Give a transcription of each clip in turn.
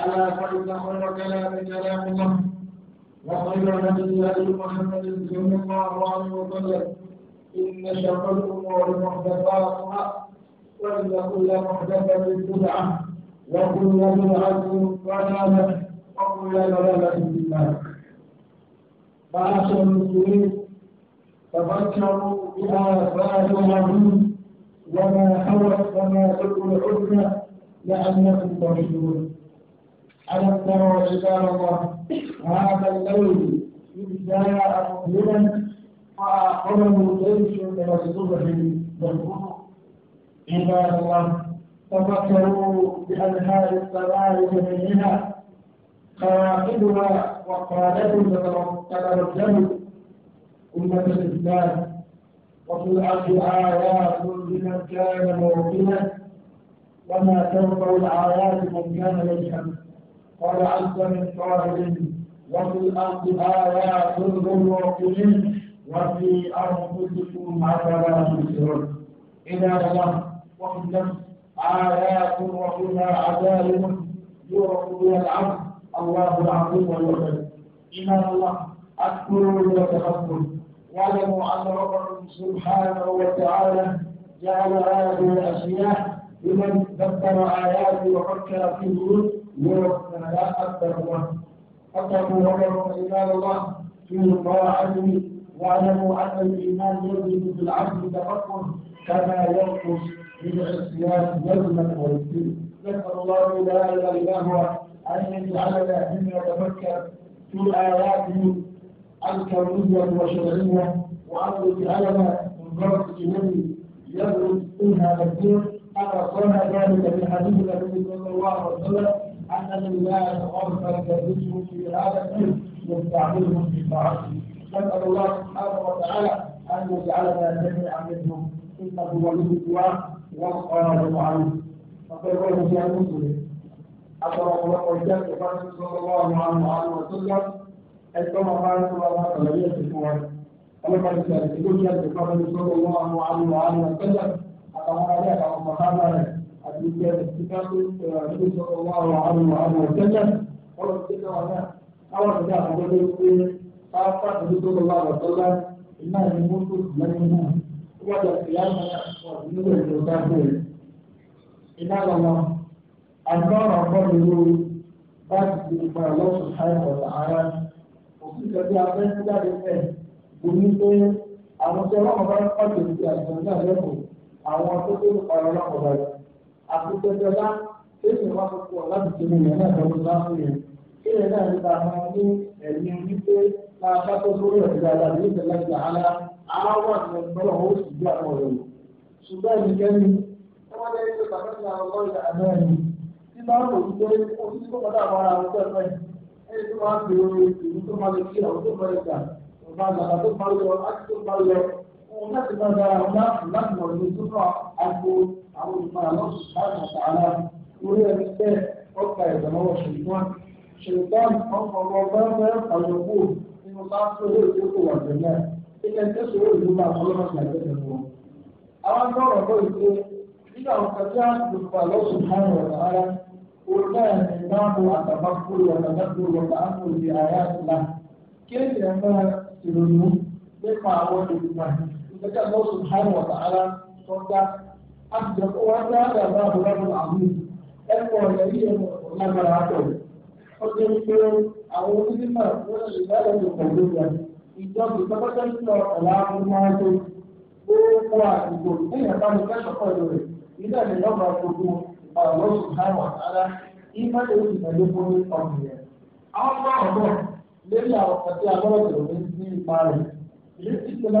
ألا فإن خير كلام كلام الله وخير هدي هدي محمد صلى الله عليه وسلم إن شر الأمور محدثاتها وإن كل محدثة بدعة وكل بدعة ضلالة وكل ضلالة في النار معاشر المسلمين تفكروا بآثار العظيم وما حوت وما تكن الحسنى لأنكم ترشدون ألم تروا عباد الله هذا الليل إذ جاء مظلما فأخذه جيش من الصبح يخرج عباد الله تفكروا بأنهار السماء جميعها قواعدها وقادتها تترجم أمة الإسلام وفي الأرض آيات لمن كان موقنا وما تنفع الآيات من كان يجهل قال عز من قائل وفي الأرض آيات للموقنين وفي أنفسكم عذابات تبصرون إلى الله وفي آيات وفيها عذاب يعرف بها العبد الله العظيم والوحيد إلى الله أكبر وتكبر واعلموا أن ربكم سبحانه وتعالى جعل هذه الأشياء لمن ذكر آياته وفكر في الوجود يوم لا أكبر أقربوا وقربوا عباد الله فيه طاعته واعلموا أن الإيمان يزيد بالعبد تفكر كما ينقص بالعصيان يزمن ويزيد نسأل الله لا إله إلا هو أن يجعلنا ممن يتفكر في آياته الكونية والشرعية وأن يجعلنا من ضرب إليه يدرس منها كثير أنا ذلك في حديث النبي صلى الله عليه وسلم أن الله غفر يدخل في هذا العلم يستعملهم في طاعته نسأل الله سبحانه وتعالى أن يجعلنا جميعا منهم إنه ولي الله والقادر عليه فقد قال في مسلم أثر الله وجاء صلى الله عليه وسلم عندما قال صلى الله عليه وسلم ولقد كان يقول صلى الله عليه وسلم أتمنى لك أو مقامك حديث الكتاب النبي صلى الله عليه وآله وسلم قال جل وعلا أول ما أقول يقول قال النبي صلى الله عليه وسلم إنه يموت لن يموت وبعد القيامة وبنور الكافر إن الله أنار قبله بعد الله سبحانه وتعالى وكل ذي عقل ذلك ونيته àwọn tí ọlọ́mọba ń pàdé sí àìsàn náà lẹ́kọ̀ọ́ àwọn tó tó ń pa ọlọ́mọba yìí àtúntẹ̀tẹ̀lá lẹ́yìn wá gbogbo ọ̀la tuntun ní ìyẹn náà tọ́jú bá fún yẹn kí yẹn náà ní ta máa ní ẹ̀mí wípé máa ṣàkóso sórí ẹ̀mí dáadáa ní ìtẹ̀lá ìgbà ara àwọn àti ẹ̀gbọ́n wọn ó sì gbé àwọn ọ̀rẹ́ wọn. ṣùgbọ́n ẹnikẹ́ni wọ́n lé ní bàbá mi àwọn ọmọ ìyá àná ẹni tí bá ń rò wípé ó ti kó padà àwọn ará ọjọ́ ẹ̀fẹ́ ẹni tó máa ń bèrè ìlú tó máa lè kí àwọn tó máa lè gbà ọ̀gá àgbà tó máa lọ agbo àwọn olùmọ̀ àlọ́sùn láti àtàlà orí ẹni bẹ́ẹ̀ ọgbà ìdánwò ṣùgbọ́n ṣùgbọ́n ọkọ̀ ọgbọ́n bẹ́ẹ̀ àjọpọ̀ nínú bá tó lè tó kò wà tẹ́lẹ̀ ilẹ̀ tẹ́sán ó lè máa fọlọ́mọ́ sí àtẹ́tẹ̀ wọn. àwọn gbọ́dọ̀ bọ́ ìgbé nínú àwọn kẹfí àgbègbè àlọ́sùn láti àtàlà orí náà ní ìdáàbò àtàbàkúrò àtàbàkúrò àtàbàkúrò kéèyàn máa ìrònú nípa àwọn ìgbìmọ̀ ìgbẹ́jọ́ lọ́sùn hàn wọ̀tàrà tó dá àtijọ́ wa ń dáhà dáhà dáhà dáhà àmì ẹ̀kọ́ ọ̀yà yìí ẹ̀kọ́ lágbára àtọ̀ ó jẹ́ pé àwọn onímọ̀ wọ́n lè dáhà lè pọ̀ lórí rẹ̀ ìjọba ìtọ́kọ́tọ́ nílò ọ̀la amúnáwájú gbogbo àdúgbò lẹ́yìn àbámu kẹ́sọ̀ pẹ̀lú rẹ̀ ilé ẹ̀mí lọ́gbà gbogbo ọ̀rọ̀ sùnkáwà ara ìmọ̀ lè ti tẹ̀lé fún ní ọ̀gbìn rẹ̀. àwọn bá ọ̀dọ́ lórí àwọn àti agbọ́dọ̀ ní ipa rẹ̀ ilé ti tẹ̀lé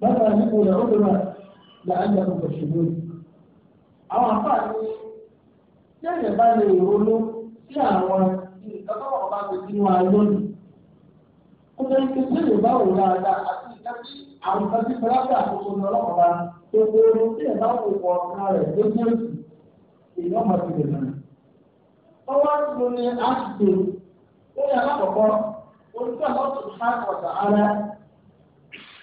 bàbá nípò rẹ̀ ọ̀dọ̀ rẹ̀ làájá gbogbo ṣùgbọ́n. Àwọn àǹfààní tí ẹ̀yẹ̀ bá lè ronú sí àwọn sínú ayé Kó lè ṣe bá wò dáadáa àti ìdájí àwọn ní ọlọ́kọ̀ọ́ba tó ẹ̀ bá wò wọ rẹ̀ lójú ti lè Ọwọ́ àtúntò ni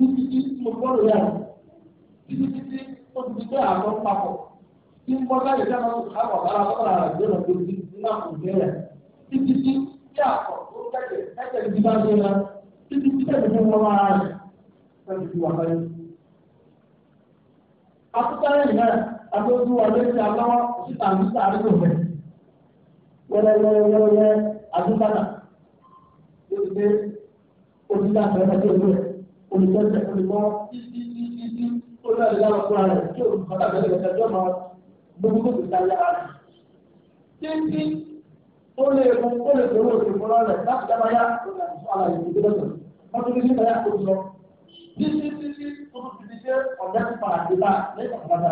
títí tí mo gbọ́dọ̀ yà títí títí ó ti di pé àlọ́ papọ̀ tí ń bọ́ láyé dáná tó ká wà lára lọ́kọ̀lá rẹ̀ gbé lọ́kọ̀ tí nígbà kò gbé rẹ̀ títí tí tí àpọ̀ tó kẹ̀kẹ́ ẹ̀kẹ́ ti bá gbé rẹ̀ títí tí kẹ̀kẹ́ tó wọ́n máa rẹ̀ fẹ́ẹ́ fi wà báyìí. Akúkárẹ̀ yìí náà àtọ́jú ọ̀lẹ́sẹ̀ aláwọ̀ síta níta àdúgbò rẹ̀ wẹ́lẹ́wẹ́lẹ́wẹ́lẹ́ àdúgbò náà ó ti ojú náà fẹ́ẹ́ olùdókè olùkọ́ títí títí tí ó náà lè láwọn fúnra rẹ̀ tí olùkọ́ tàbí ẹ̀rọ ẹ̀jọ́ máa gbogbo gbogbo ìta yára rẹ̀. títí ó lè fún ó lè fún òṣèlú fúnra rẹ̀ láti dáná yá ọ̀là ìdílé lọ́sọ̀ wọ́n tún ní nípa yá kó sọ. títí títí ó tún ti ṣe ọ̀gá ti padà dé bá lẹ́yìn ọ̀gá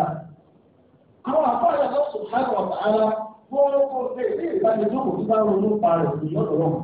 àwọn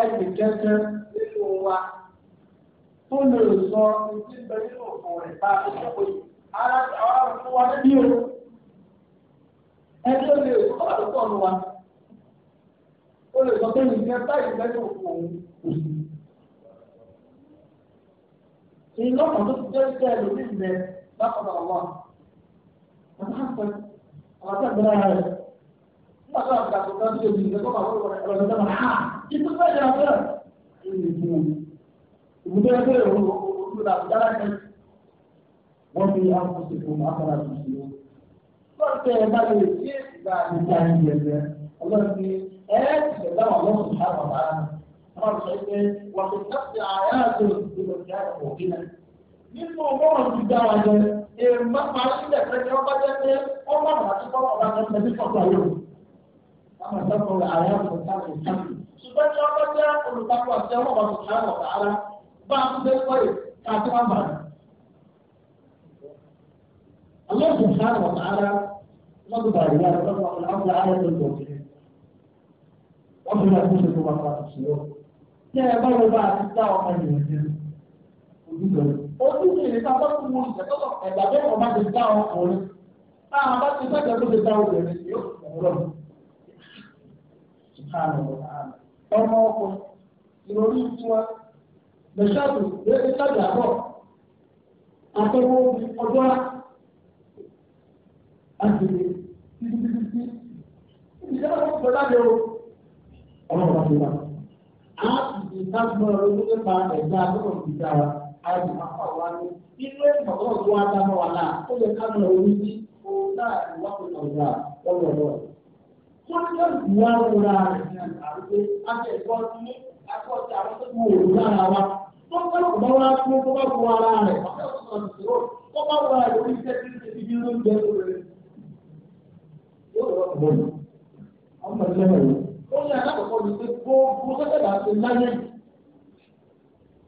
ẹnì kẹ́kẹ́ nínú wa tó lè sọ ìdí bẹ nínú òkú bá a ti ara wa níbí o ẹni ó lè sọ àdúgbò ọ̀nù wa ó lè sọ pé nìyẹn báyìí òun tó ti jẹ́ Pasal aku takut kan dia bisa kau bawa kalau kita mah ah, itu saja apa? Ibu. Ibu dia tu ibu dah jalan kan. Wabi aku sebelum apa lagi sih? Pertama kali dia dah mencari dia dia. Allah ni eh kita Allah subhanahu wa taala. Kalau saya ke waktu nafsi ayat itu tidak ada mungkin. Nínú ọgbọ́n ti dá wa jẹ, èèmọ̀ máa ń ṣílẹ̀ pẹ̀lú ọba jẹ́ pé ọmọ àti ọmọ ọba jẹ́ pẹ̀lú ọba yóò àmọ́ sábà ààrẹ àpò sábà ìsáàmù. ṣùgbọ́n tí wọ́n bá jẹ́ olùtakò àti ọmọ ọba tó sáré ọ̀tá ara bá a tún bẹ́ẹ̀ kọ́ ẹ̀ káàkiri wọn bá a. àwọn ọ̀sẹ̀ sáré ọ̀tá ara wọ́n ti bàrẹ̀ yára lọ́wọ́ àwọn ará tó lọ sí i. wọ́n fi láti ṣe tó wà fún àtúnṣe yọ. tí ẹ bá wọ bá a ti dá ọmọ ènìyàn sí ojú ìrìn ká bá kú wọn ìṣẹ́tọ́tọ̀ ẹ̀dá bẹ́ẹ̀ ọba ti dá ọkùnrin táwọn bá ti sẹ́jọ́ tó ti dá obìnrin yóò fún un lọ́nà. subhanahu wa ta'ala ọmọ ọkọ ìròrí tiwa bẹ̀ṣáàtù lórí sábì àbọ̀ àtọwọ́ ọjọ́ àgbèrè títí ìjọba ọkọ̀ lábẹ́ o ọmọ ọkọ̀ tó ọrụ ọrụ ọrụ ọrụ kó ní ká lù wá rọra rẹ̀ ní àgbàdo àti ẹ̀kọ́ ní ẹ̀kọ́ ti àwọn tó mú òru lára wa tó ń kọ́ bá wá fún tó bá bu ara rẹ̀ ọ̀kẹ́ bá wà lórí iṣẹ́ tí ń ṣe bíbí ló ń jẹ́ yóò rọ̀ ọ̀gbọ́n ọmọ ìlẹ́wọ̀n yìí ó ní alákọ̀ọ́kọ́ ni pé kó kó sẹ́kẹ̀dà ṣe láyé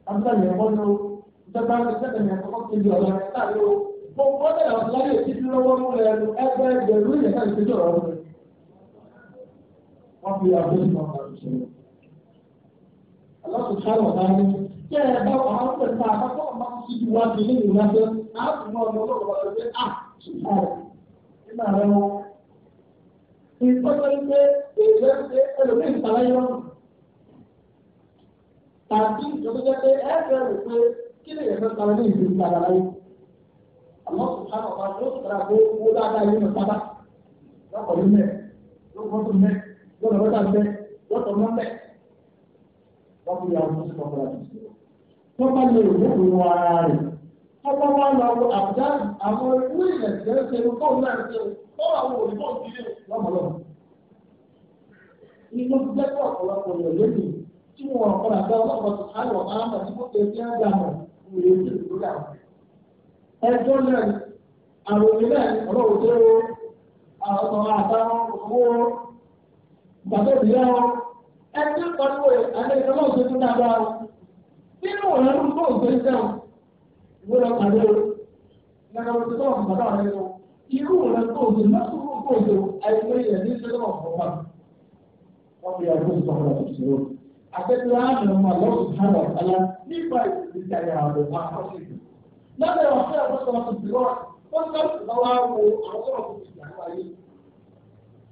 àbúrò yẹn wọ́n lo ìjọba sẹ́kẹ̀dà yẹn kọ́kọ́ kejì ọ̀la rẹ̀ láàrin gbogbo ọ̀la yẹn ti dúró wọ́n mú rẹ̀ ẹgbẹ́ ẹgbẹ̀rún yẹn ká wọ́n fi àgbẹ̀sí wọn kà lùsọ̀rọ̀. aláṣọ sáwọn náà ní kí ẹ bá wọn á pẹ̀lú àkọ́kọ́ ọmọ síbi wá sí nínú ìlàjẹ́ àtúmọ̀ ọmọ ọlọ́run ah, wọn lọ́jọ́ à sùpàrọ̀ nínú ààrẹ wọn. ìtọ́jọ́ ní pé ìgbẹ́ ṣe ẹlòmíì ìtàláyé wọn. tàbí ìjọba jẹ́ pé ẹ bẹ̀rù pé kí ni ìyẹn fẹ́ ní ìlú ìtàláyé. àmọ́ sùpàrọ̀ wọn ló sọ̀rọ̀ àgbo owó dáadáa yìí lọ sábà lọ́kọ̀ọ́ wọ́n lọ wọ́tà bẹ́ẹ̀ wọ́tọ̀ mọ́ bẹ́ẹ̀ wọ́n fi àwọn tó sọ fún àti ìṣòro. bá lè wọ́n kò ara rẹ̀ wọ́n bá wá lọ wọ àbúdá àwọn ìlú ìrẹsẹ̀ ṣe ń kọ́ náà ṣe wọ́n àwọn òyìnbó ìdílé lọ́mọlọ́mọ. inú jẹ́ pọ̀ ọ̀pọ̀lọpọ̀ yẹ̀ lónìí tí wọ́n ọ̀pọ̀lọpọ̀ àgbà ọlọ́pàá tó ká lọ ara tí wọ́n ti fi ágbà mọ̀ wòye sí ìdúrà. ẹjọ́ náà àwọn àtàwọn gbàgbé ìdílé wọn ẹgbẹ́ pariwo àlẹ́ ìfẹ́ náà ṣe tún dáadáa o nínú ọ̀rẹ́ ló ń tó òṣèlú sẹ́wọ̀n ìwé pàdé o ìyàrá òṣèlú náà ń bàbá rẹ lọ irú ọ̀rẹ́ tó òṣèlú náà tó kó òṣèlú àìsí ẹ̀yẹ ní ìṣẹ́ náà fọ́ wọn. wọ́n fi àgbo ìtọ́kọ̀lá òṣèlú àtẹ́tẹ́ àmì ọmọ àlọ́sù sábà kálá nípa ìdíjáde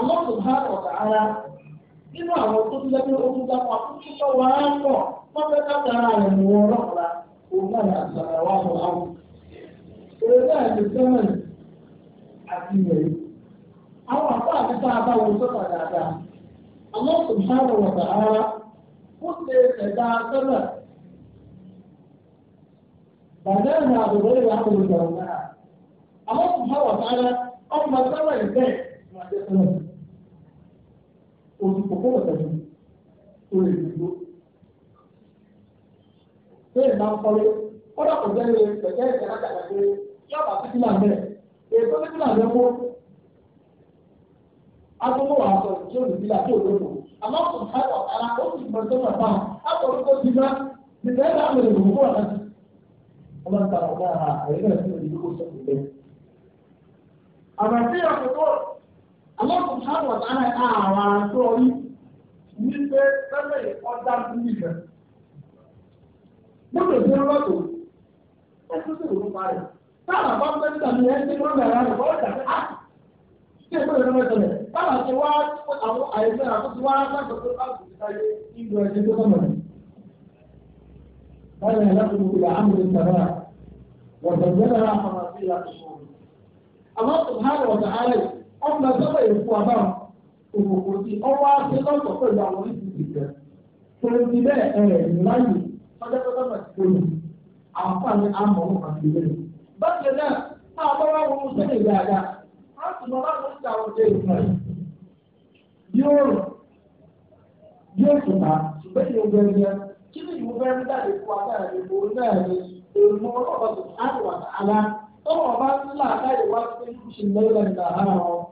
Allah subhanahu wa ta'ala nínú àwọn tó tilẹ̀ pé ojú dápọ̀ àtúntò wà á pọ̀ wọ́n fẹ́ rẹ̀ mú wọn lọ́kùnrin òun náà ní àtàrà wà lọ àwọn. Èrè náà ní sẹ́mẹ̀n àti ìrẹ̀lẹ̀. Àwọn àpá àti tá a bá wọn sọ́kà dáadáa. Allah subhanahu wa ta'ala ó ṣe ẹ̀dá sẹ́mẹ̀. ìrìn náà. subhanahu wa ta'ala adẹ́kùnrin oṣù kòkòrò tẹ̀lé tó lè dúró. bẹ́ẹ̀ máa ń kọ́lé kọ́dà kò jẹ́ lè pẹ̀lẹ́ ìjà láti àgbàdo yọ̀bà títí náà bẹ̀rẹ̀ èso títí náà bẹ̀ kó. agbóhùn wà sọ tí ó lè fi làtí òdodo àmọ́ kò ká wà ara ó sì mọ̀ tó wà fáwọn àtọ̀rọ̀ tó ti gbá nìkan ẹ̀ láwọn èrò òkú àná sí. ọmọ nǹkan ọ̀gá àrẹ̀ náà sì lè dúró sọ̀rọ̀ àlọ́kùn sábà sára àwọn àtọ́ orí ní pé tẹ́lẹ̀ ọjà sí ìfẹ́. Mọ́tò sí ọlọ́tò, ó tún sì rò parí. Táwọn bá fẹ́ tàbí ẹ ti wọ́n bẹ̀rẹ̀ rẹ̀ bọ́ọ̀dà sí á. Ṣé ìgbẹ́ ìrìn náà tẹ̀lẹ̀? Báwa ti wá àwọn àìsàn àkóso wá láti ọ̀dọ́ láti ṣàyẹ ìlú ẹ̀jẹ̀ tó sọ̀rọ̀. Báyọ̀ ni láti gbogbo ìyá Amúlé Sàrà, wọ̀dọ̀ jẹ́ náà àfọ̀mọ̀ sí ìyá tó sọ̀rọ̀. Àwọn ọgbà sọ́kọ̀ èkó àbáwọn òkòkò tí ọwọ́ àti lọ́tọ̀ pẹ̀lú àwọn oríṣiríṣi kan tòun ti bẹ́ẹ̀ ẹ̀ láyè ọjọ́ tó ti kọ́ àǹfààní àmọ́ àti ìlú. bákan náà máa bá wàá wọn sẹ́yìn dáadáa á sì mọ láti ń ta ọjọ́ ìgbà yìí. yóò yóò tún bá ṣùgbọ́n ìyẹn gbẹ̀ngẹ̀ kí ni ìwọ bẹ́ẹ̀ ń fún agbára ìbò náà ni èèmọ̀ ọlọ́ọ̀bà tó ká lù àtàlá tọ́wọ́ bá wá sí ìṣẹ̀lẹ̀ ìlànà àárọ̀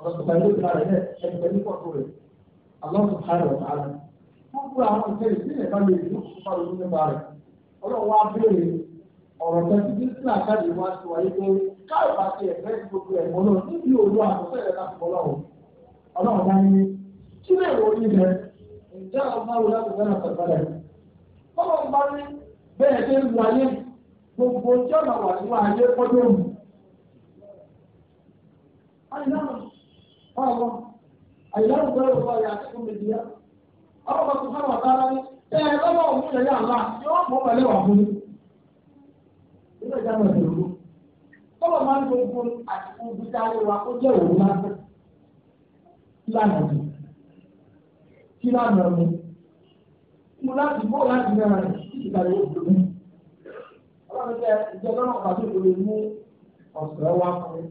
ọ̀rọ̀ tó bá ilé ìlú rẹ̀ ti wáyé pé káyọ̀ bá ti ẹ̀fẹ́ gbogbo ẹ̀mọ́ náà níbi òru àtúnṣẹ́rẹ́ láti bọ́ lọ́wọ́ ọlọ́run bá ní kí lè wọ ní rẹ̀ ǹjẹ́ ọba wo láti fẹ́ràn pẹ̀lẹ́ ọlọ́run bá ní bẹ́ẹ̀ ṣe ń wáyé gbogbo tí ọ̀nà wà ní wáyé kọ́dọ̀ mù. ọ̀rọ̀ àyẹ̀wò bẹ́ẹ̀ lọ́wọ́ yà á fún mi nìyà ọ̀rọ̀ bá tún fáwọn àtàrà ní bẹ́ẹ̀ lọ́wọ́ òun yẹ̀ yà lá yóò mọ̀ pẹ̀lú wà fún nígbà tí a máa máa ń àti ó jẹ́ òun mi kí mi mo láti láti náà rẹ̀ kí ọlọ́run jẹ́ ìjọba náà pàtó ìròyìn mú ọ̀sẹ̀ wá fún mi.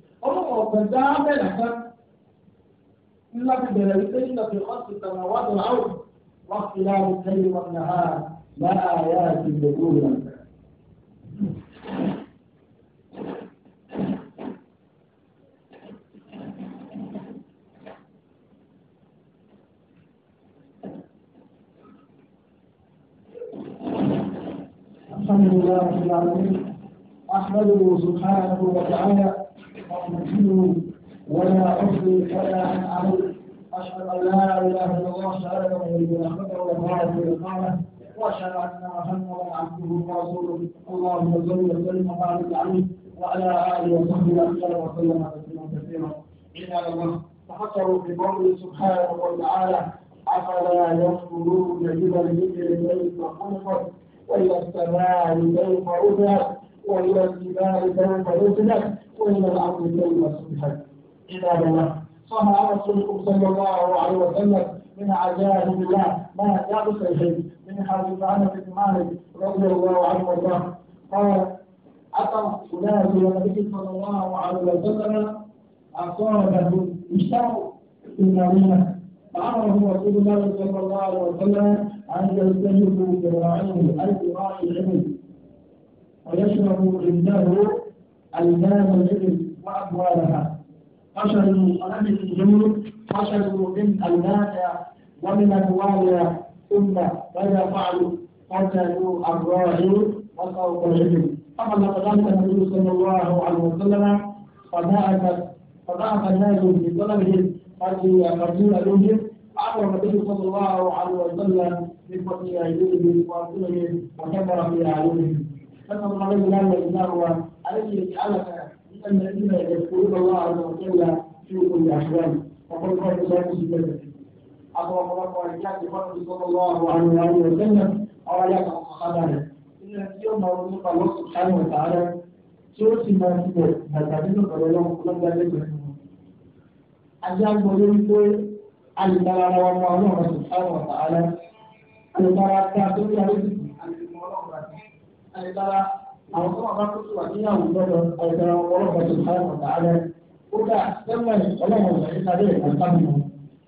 إلا بدلالتين في خلق السماوات والأرض واختلاف الليل والنهار لا آيات لأولي الحمد لله رب العالمين أحمده سبحانه وتعالى أرجو ولا أفضل ولا أن أعود أشهد أن لا إله إلا الله لا شهادة إلا خبر وبارك وإقامة وأشهد أن محمدا عبده ورسوله اللهم صل وسلم وبارك عليه وعلى آله وصحبه أجمعين وسلم تسليما كثيرا عباد الله تفكروا في قوله سبحانه وتعالى أفلا يشكرون جبل ذكر الملك وخلقه وإلى السماء كيف رفعت وإلى الجبال فوق رسلت وإلى الأرض كيف سبحت عباد الله صنع رسولكم صلى الله عليه وسلم من عجائب الله ما لا الحج من حديث أنس بن مالك رضي الله عنه وارضاه قال أتى أولاد النبي صلى الله عليه وسلم أصابه اشتروا في المدينة فأمره رسول الله صلى الله عليه وسلم أن يلتهبوا براعيه أي براع العلم ويشرب عنده المال الابل وأبوالها فشلوا من الجنود فشلوا من المال ومن أموال ثم ماذا فعلوا؟ قتلوا الراعي وصوت الابل فقد ذلك النبي صلى الله عليه وسلم فبعث فبعث الناس بطلبهم فجيء بهم فامر النبي صلى الله عليه وسلم بقتل أيديهم وأرجلهم وكبر في أعينهم فقد عليه لا يزال الذي يجعلك من الذين يذكرون الله عز وجل في كل احوال وقل قول لا مسلم أبو بكر وإياك بفضل صلى الله عليه وآله وسلم وإياك خبره إن يوم رزق الله سبحانه وتعالى سورة ما فيه هتعلم قبلهم قلوب لا يجهلون أجاب مولين كل المرارة والمعلومة سبحانه وتعالى المرارة تقول àìdára àwọn tó wà bá tó wà ní àwùjọ lọ ọlọ́pàá ti fà ọ̀tà alẹ́ kódà sẹ́wọ̀n ọlọ́run ọ̀sẹ̀ nípa bẹ́ẹ̀ àtàbí wọn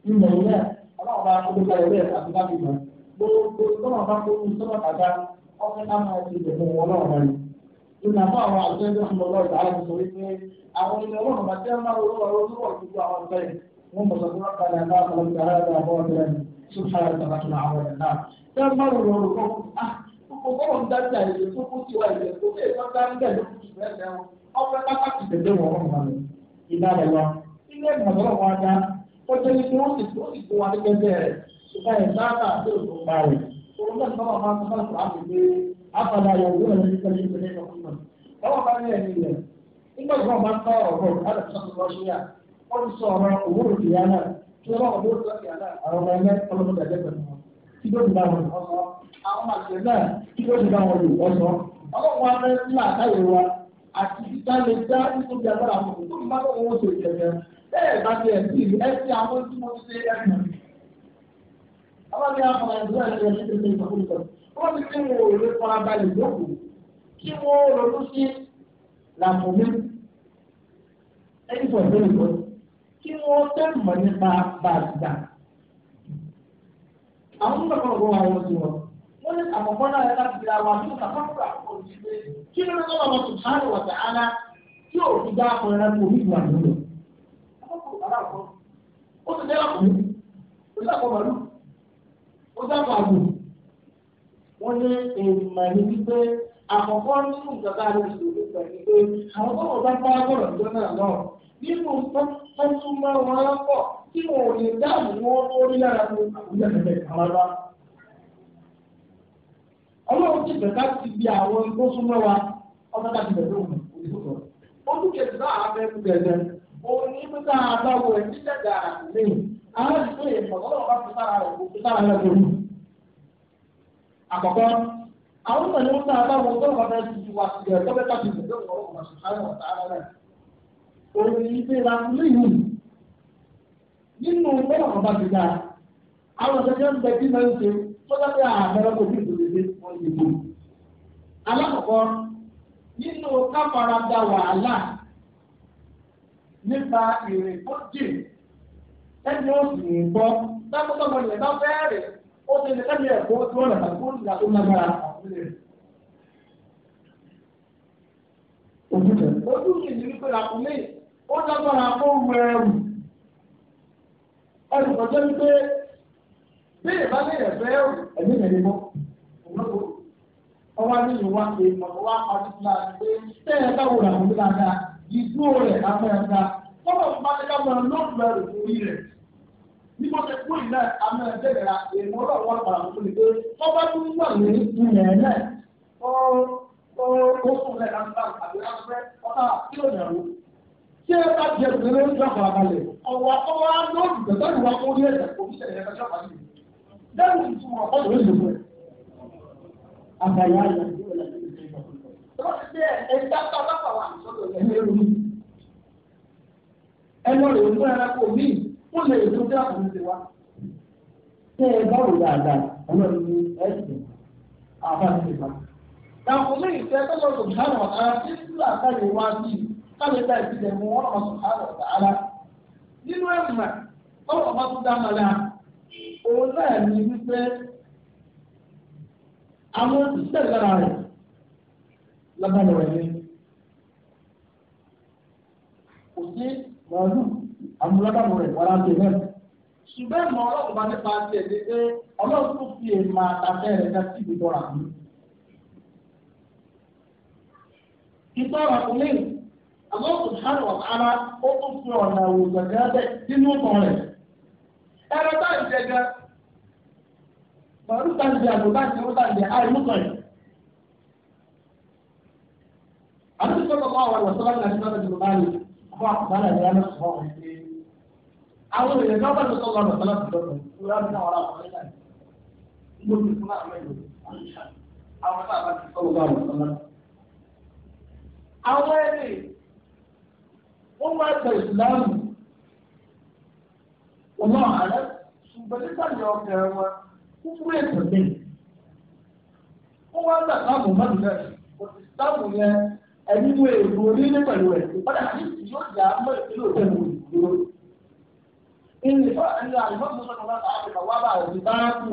ìmọ̀ ìyá ọlọ́run bá tó kalẹ̀ bẹ́ẹ̀ bá tó ká máa ti dẹ̀mú ọlọ́run bá yìí ìlànà bá tẹ́ máa wọlé ọ̀fẹ́ náà kọlọ́kì aláàbẹ̀ àbọ̀ ọ̀fẹ́ sùkúrọ̀ tàbátùmọ̀ àwọn ẹ̀ gbogbo ń dájú àìlè tó kó sí wa ìlẹ̀ tó lè tó dá ń bẹ̀ lókùn ìgbẹ́ rẹ̀ o pátákì tẹ̀lé wọn wọn wọn ìbára wa ilé ìmọ̀lọ́rọ̀ wọn dá ó ní kí wọ́n sì tó sì fún wa ní gẹ́gẹ́ rẹ̀ ṣùgbọ́n tó tó pa rẹ̀ òun náà ní wọ́n bá ń bá wọ́n lóòótọ́ kìíyà náà àwọn ọmọ kí ló ti bá wọn lò àwọn àgbẹ̀ náà kí ló ti bá wọn lò ọsọ ọlọ́run afẹ́ ńlá àtàyè wa àti ìta lè dá nítorí agbára àwọn òkú tó bá lọ́wọ́ wọn ṣe ìjẹ̀jẹ̀ bẹ́ẹ̀ bá ti ẹ̀sìn ìlú ẹ̀sìn àwọn tí mo ṣe ẹ̀sìn. ọlọ́run àwọn àìsàn ẹ̀sìn ẹ̀sìn ẹ̀sìn ìfọ̀kúnṣọ wọ́n ti fi wọn òwe farabalẹ̀ lóko kí wọ́n ronú sí làmúmi ẹ̀yìn fọ̀ọ́sẹ̀ ìfọ̀ kí wọ́n tẹ́ mọ̀ nípa bàtà àwọn tó kọ̀ ọ̀gbọ́n àwọn ọ̀sìn wọn. wọ́n ní àkọ́kọ́ náà yẹn láti gbéra wa nínú kàkọ́kọ́ àkọ́kọ́ òṣìṣẹ́ kí ló ní lọ́wọ́ tó sáré wà sàánà tí ò fi dá akọrin náà kò ní ìgbà nínú. ó ti dé lákòó ó sàkó màlúù ó sàkó àgbò wọ́n ní èèmọ̀ ní wípé àkọ́kọ́ nínú ìjọba àlejò ìgbà nínú tó tún máa wọn á pọ̀ tí wọn ò lè dáàbò wọn tó rí lára tó àwùjọ ẹ̀fẹ̀ àmàlà. ọlọ́run ti bẹ̀ká ti di àwọn tó sún mọ́ wa ọmọ náà ti bẹ̀rẹ̀ òun òdìbò kan. ó tún kẹ̀sì náà á fẹ́ kúrẹ̀ lẹ. òun ní bí ká a bá wọ ẹbí dẹ̀dà lẹ́yìn. àwọn ìgbé ìfọ̀ lọ́wọ́ bá fi sára rẹ̀ kó fi sára rẹ̀ lórí. àkọ́kọ́ àwọn ìgbà ní wọ́n náà òun ìgbéra léyìn nínú bọ́lá bàbá ti dáa àwọn ìṣẹ́jẹ́ ń bẹ bí máa ń ṣe tọ́jà pé àbẹ̀rẹ̀ kò ní ìdòdòdè wọn lè bò. alákọ̀ọ́kọ́ nínú káfarada wàhálà nípa ìrìn tó jìn ẹni ó sì ń gbọ́ dákọ́tọ́gbọ́ ilẹ̀ bá fẹ́ẹ̀rẹ̀ ó ti lè kẹ́lẹ́ ẹ̀kọ́ tí wọ́n lọ́ta tó nígbà tó lágbára ojú kẹ̀ ojú kìíní wípé làkúnmí ó dágbára kó wọ ẹrù ẹrù kọjá wípé bí ìbálẹ̀ ẹ̀fẹ́ ẹrù ẹ̀mí mẹ́rin mọ́ òmùlọ́gbọ́ ọwọ́ ní ìwà èèmọ̀ wá pàtíkìlà pé tẹ́ ẹ bá wò rà wọ́n dáadáa ìdúró rẹ̀ lápẹ́ ẹ̀ka kọ́kọ́ fún bàtẹ́ká mọ́ lọ́ọ̀bù ẹrù orí rẹ̀ ní wọ́n ti kó ìlà àmọ́ ẹ̀jẹ̀ rẹ̀ èèmọ̀ ọlọ́run wà pàrọ̀ fún mi pé ọba tó ń wà ní ilẹ̀ náà ó ó ó sùn lẹ́ka bá àbí ṣé ẹ bá jẹ ìgbẹ́ lórí ìjọba àbálẹ̀ ọ̀wà ọwọ́ lóòdù tẹ̀tọ́ ìwà orí ẹ̀jẹ̀ kò ní ṣẹlẹ̀ ẹ̀ka ṣọ́ọ̀bà yìí dáhùn sí fún ọkọ̀ lórí ìlú ẹ̀ àbàyà ayọ̀ ẹnu rẹ̀ mú ẹranko mi ó lè tó dé àkùnrin ti wá. ṣé ẹ bá wò dáadáa ọlọ́run ní ẹ̀sìn àbá ti wá. àkùnrin ìfẹ́ tó lọ́dún sáwọn ará tí ń làkàyè wá sí i káwé tá ìdílé mu wọn lọ sùn àlọ sàárà nínú ẹgbẹ ọwọ ọba tó dá mọlá òun náà ní wípé àwọn òṣìṣẹ́ lára rẹ̀ lábàlọ̀ rẹ̀ ní kò sí mọ̀ọ́lù àmúlọ́dàmọ̀ rẹ̀ wọ́n á gbé ṣùgbọ́n ìmọ̀ ọlọ́run bá nípa ti ẹ̀ dédé ọlọ́run tó fi èèmà àtàfẹ́ rẹ̀ ká sí ìdíbọ̀ràn mi. ìtọ́ra kò léyìn àwọn sùnmọ́nù ọ̀tàlá ó tún fi ọ̀nà àwòrán gẹ́gẹ́ nínú ọ̀tàn rẹ̀. ẹ̀rọ tá à ń jẹ gan màálù tá à ń jẹ àgbò tá à ń jẹ wọ́n tá à ń jẹ àìmú kan yìí. àti sọ́kọ̀ bá wà lọ́sọ́lá ní àti sọ́kọ̀ jùlọ báyìí fún àkùbálà ìyá náà sọ̀ ọ́ àwọn èèyàn náà bá lọ́sọ́lá lọ́sọ́lá ti dọ̀tọ̀ ìtura bí náà wà láwọn náà ló ti fún àwọn èèyàn àwọn náà ó wá gba ìsìláàmù ọmọ ààrẹ ṣùgbọ́n nígbàdí ọkẹ wọn kúkú ètò mi ó wá gba ìsìláàmù mọ́tò náà kò sì ìsìláàmù yẹn ẹni wo èrò onílé pẹ̀lú ẹ̀ ìpadà àti yóò yà á mọ́ ìpínlẹ̀ òkè mi ìdúró. ilé ìfọ̀ ẹni àlùfọ́ mi sọ̀rọ̀ láti kà wá bá òbí bá kú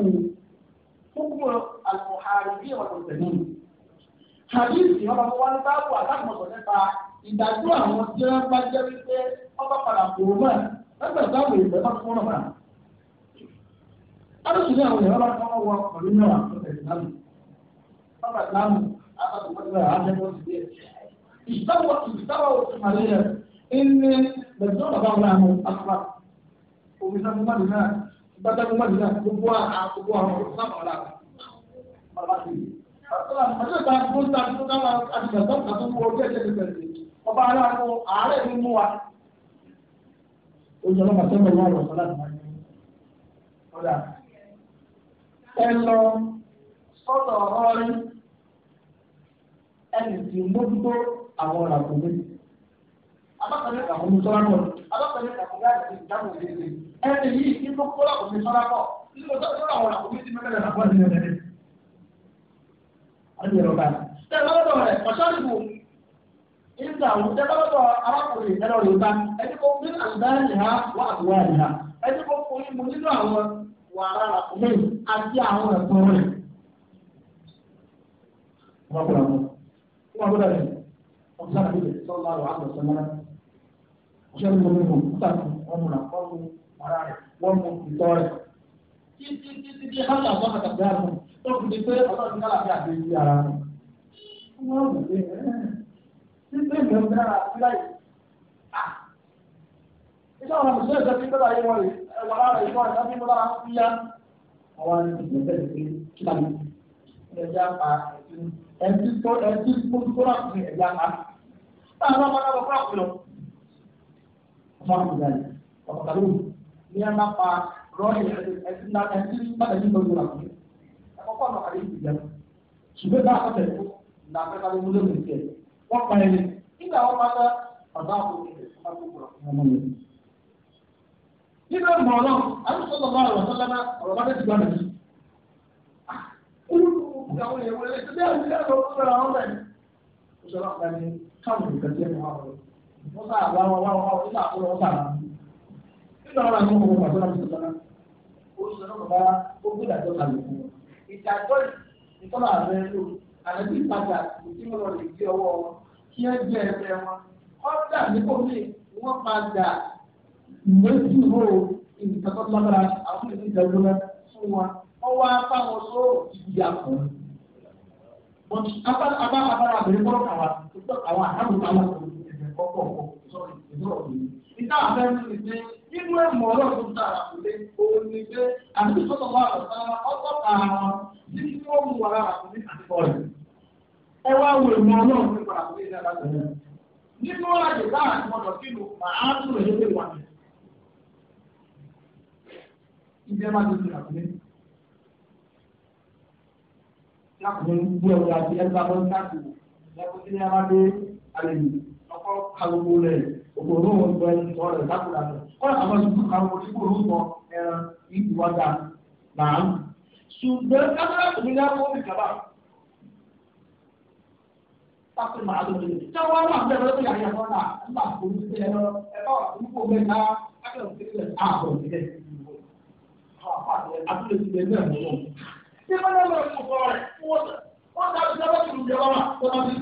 kúkú àlùfọ̀ bí ìwà tó tẹ̀lé. àdìsí ìdájọ́ àwọn tí wọ́n bá jẹ́ wípé wọ́n bá padà kúrò mọ́ lọ́gbà táwọn èèyàn bá fún ọ̀nà. Adóṣù ní àwọn èèyàn bá fún ọwọ́ pẹ̀lú náà àtúntẹ̀ ìsìlámù. Bàbá ìsìlámù àtàkùnkùn àjẹmọ́ sí bí ẹ̀. Ìsìlámù ìsìlámù òtún màlẹ́yà ẹni lẹ́gbẹ̀ẹ́ bàbá wọn àwọn àkàrà. Òmìnira mú mọ́lì náà, ìgbàdá mú mọ́lì náà, gbogbo àwọn gbogbo àwọn òṣìṣẹ́ àti ìta gbogbo ta gbogbo ta máa sọ́dọ̀ tí mójútó àwọn ọ̀rọ̀ àkùnrin láti ìdáhùn ìdíje ẹni yìí tó àwọn àkùnrin ti mẹ́lẹ̀ ọ̀nyẹ̀rọ̀ba tẹ̀lọ́dọ̀ rẹ̀ ọ̀ṣọ́rìbù ìgbà wù tẹ̀lọ́dọ̀ arákùnrin ẹ̀rọ yorùbá ẹni kò fún àgbáyé ha wà àbúwá rẹ̀ ha ẹni kò fún ìmú nínú àwọn wàrà àkùnrin àti àwọn ẹ̀kọ́ rẹ̀. ọmọkùnrin àwọn ọmọkùnrin mi tó fi di pé ọlọ́run náà fi àgbè sí ara rẹ̀. títí mi ò dára síláì. iṣẹ́ ọ̀nà mùsùlùmí ẹ̀jẹ̀ tí gbọ́dọ̀ ayé wọn rè ẹ̀wọ̀n ara rẹ̀ ìfọ̀n ẹ̀jẹ̀ tí mo dára sí yá. àwọn àti ìgbésẹ̀ lè fi kíkà mi. ẹ̀jẹ̀ apá ẹ̀jẹ̀ tó ẹ̀jẹ̀ tó tó náà fi ẹ̀jẹ̀ apá. táwọn ọmọ náà lọ fún àpilọ̀. ọmọ àpilọ̀ ọ̀pọ̀ kàlóòlù ní ẹ̀ àkọ́kọ́ àwọn àrí ìgbìyà ṣùgbọ́n bá àkọ́tẹ̀ tó nà àfẹ́ká ló múlẹ̀ mú ìkẹ́ wọ́n pa ẹni nígbà wọn bá dá ọ̀dọ́ àwọn ìkẹ́ nínú ọmọ ọlọ́run àwọn sọ́dọ̀ bá ọ̀rọ̀ sọ́dọ̀ bá ọ̀rọ̀ bá tẹ̀síwá nìyí. olùkọ́ àwọn èèyàn wọlé ṣe bí àwọn ìyá lọ sọ́dọ̀ àwọn ọ̀rẹ́ mi. ó sọ láti ẹni káwọn ìgbẹ́ tẹ́ wọn ọ̀rọ̀ wọn sáà wá wọn wá wọn nígbà àkọlọ wọn sáà nígbà wọn àwọn ọmọ wọn pàṣẹ láti sọ́dọ̀ náà. ó sọ náà bá ó gbé ìdájọ́ kalẹ̀ fún wọn ìdájọ́ ìtọ́lá rẹ̀ lò àdàbí ìpadà tí mo lọ lè gbé ọwọ́ wọn kí ẹ gbé ẹgbẹ́ wọn ọ̀dà nípò mi wọ́n padà mẹ́tìrò ìtàkọ́tàlára àwọn èdè ìdàgbọ́lá fún wa wọ́n wá fáwọn sọ ìyá kan. Abá abá abẹ́rẹ́ bọ́ọ̀kà wa àwọn àdáwò àwọn àdáwò ẹ̀jẹ̀ kọ́kọ́ ọ̀kọ́ sọ̀rọ̀ ìdúró ọ̀gbìn ìdá àfẹ́ mi ní nínú ẹ̀mọ́ ọ̀rọ̀ tó ń ta àràkùnlé òun ni pé àti sọ́tọ̀ wà lọ́sàn-án ọ̀tọ̀ ta àwọn tí kí ó mú ara àràkùnlé àti bọ́ọ̀lù. ẹ wá wo ìmọ̀ ọlọ́run nípa àràkùnlé ní alágbèrè. nínú àjò táà ti mọ̀tọ̀ kí ló máa ń sọ̀rọ̀ lórí wa. ìjẹ́ máa ti sọ̀rọ̀ àràkùnlé. lákùnrin gbé ọ̀gá àti ẹgbẹ́ abọ́ kọ́ kalogo rẹ̀ òkòrò wọn gbọ́ ẹni sọ rẹ̀ lákùnrin àná kọ́ra àwọn ìlú kalogo tí kò rúbọ ẹran ìwádà náà ṣùgbọ́n kámẹ́rà tó ní lápò ní kaba pàṣẹ màá lóore tí wọ́n wà bẹ́ẹ̀ lọ́wọ́ yàrá yàrá náà nígbà tó ní sílẹ̀ lọ ẹ̀ bá wà fún kò bẹ́ẹ̀ náà akẹ́rọ̀ sílẹ̀ àbọ̀ sílẹ̀ àwọn àpàtẹ àtúlẹ̀ sílẹ̀ náà lọ́wọ́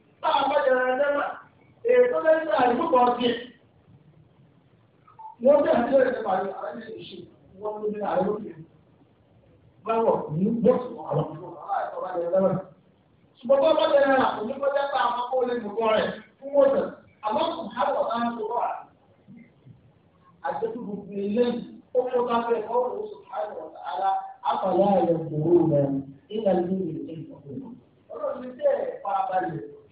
bá a bá jẹrẹ ẹ̀dá náà èyí tó lẹ́yìn náà àdúgbò kan sí i. wọ́n bẹ̀rẹ̀ àti ẹ̀rẹ́ nípa àwọn ẹni ìṣe wọ́n ló ní ààrẹ òkè. báwọ̀ ní bọ́ọ̀sì àwọn ọmọ àwọn àìsàn bá jẹrẹ náà. ṣùgbọ́n bá bá jẹrẹ náà kò ní kó jẹ́ pé àwọn akọ́ olè nìkan rẹ̀ fún wọn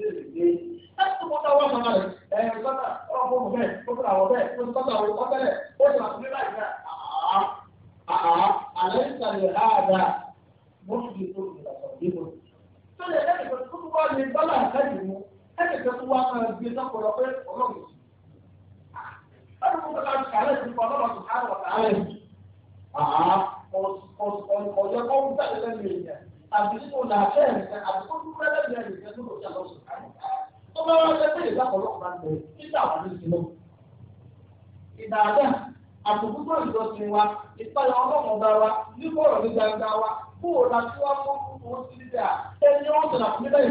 béèrè pé ẹ tó kọ́ dá wà máa rẹ̀ ẹ sọ́tà ọ̀pọ̀ mọ̀ bẹ́ẹ̀ ó fún àwọ̀ bẹ́ẹ̀ ó sọ́tà àwọn ọ̀tẹ́lẹ̀ ó sì máa fi láì ká àá àlẹ́ ìsàlẹ̀ àádá mo fi di tó ìgbà sọ̀rọ̀ níbo. sọ́dẹ̀ ẹnì kan tó wá ní dọ́là àkáyè mu ẹnì kan tó wá máa gbé sọ́kọ̀rọ̀ pé ọlọ́run sì. ọdún mọ́tò láti tàbí nínú làákẹ́ ẹ̀rẹ̀kẹ́ tó lọ sí àlọ́ sùn káyọ̀. tó bá wá sẹ́pẹ́ ìgbà ọlọ́pàá ń bẹ̀ nígbà wà ní ìsinmi. ìdàgbà ìjọsìn wa ìpayà ọlọ́mọ bá wa ọ̀rọ̀ ní gbangba wa ẹni sọ̀rọ̀ báyìí ẹni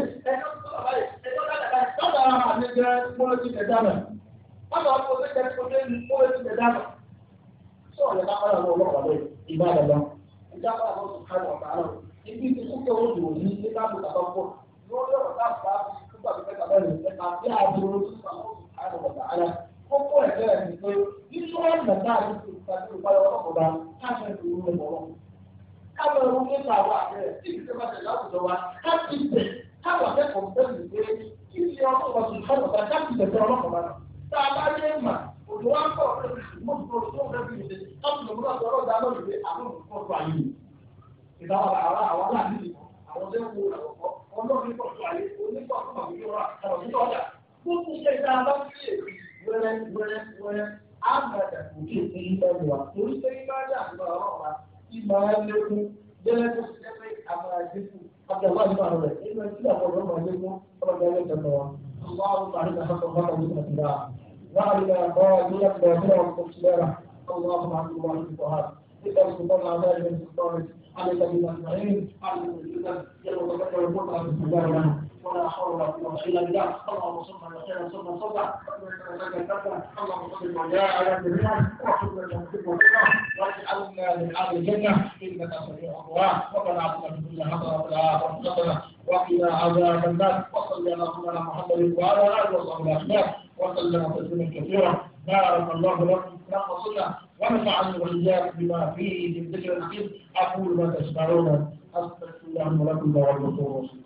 sọ̀rọ̀ báyìí ẹni báyìí ibi tí kúkẹ́ wọn lò ní ní ká lóka pọ̀ lórí ọ̀rọ̀ náà bá kúkà tó kẹta lẹ́nu ẹ̀ka bí àjọ olùsọ̀rọ̀ àwọn ọ̀gá ara kókó ẹ̀ bẹ́ẹ̀ ni pé nínú ọ̀nà náà ló ti ta sí ìpalẹ̀ ọlọ́kọ̀ọ́ba káṣẹ́ ìlú rẹ̀ mọ̀ káwọn ọmọ nípa àwọn àbẹ̀rẹ̀ tí ìjọba tẹ̀lé tẹ̀ káwọn wa ń bọ̀ ọ̀rẹ́ ìdáwọ̀ àwọn àwọn láàbí àwọn tó ń wo àwọ̀kọ́ ọlọ́run ní pọ̀jù ayé onípọ̀ tó wà nínú ọ̀rọ̀ àtàwọn nínú ọ̀dà gbogbo ṣe dá a bá fi èyí wẹ́rẹ́ wẹ́rẹ́ wẹ́rẹ́ á gbàdà kò ní ìpín ẹrù wa torí pé ibà dà nípa ọ̀rọ̀ wa ìmọ̀ ẹlẹ́kùn gẹ́lẹ́ tó ti jẹ́ pé àwọn àdínkù àgbàwá ìmọ̀ rẹ̀ nínú ẹtí àwọn ọ̀rọ̀ ẹlẹ́kùn ọ̀rọ̀ ẹlẹ́kùn wa اللهم أعلم حق الحق من الاتباع وعلم ما يقبل منهم الصلاة اللهم أعلم ما يقبل بسم الله الرحمن الرحيم على الذين اجمعين على المسلمين يوم تذكر المتعه بسم الله الرحمن ولا حول ولا قوه الا بالله اللهم صل على خير صل صل اللهم صل على على الجميع واحفظنا من واجعلنا من اهل الجنه انك سميع الدعاء ربنا اعطنا من كل حضره ولا وقنا عذاب النار وصل اللهم على محمد وعلى اله وصحبه اجمعين وسلم تسليما كثيرا بارك الله لكم ونفع وصلنا بما فيه من ذكر الحكيم اقول ما تسمعون استغفر الله لكم ولكم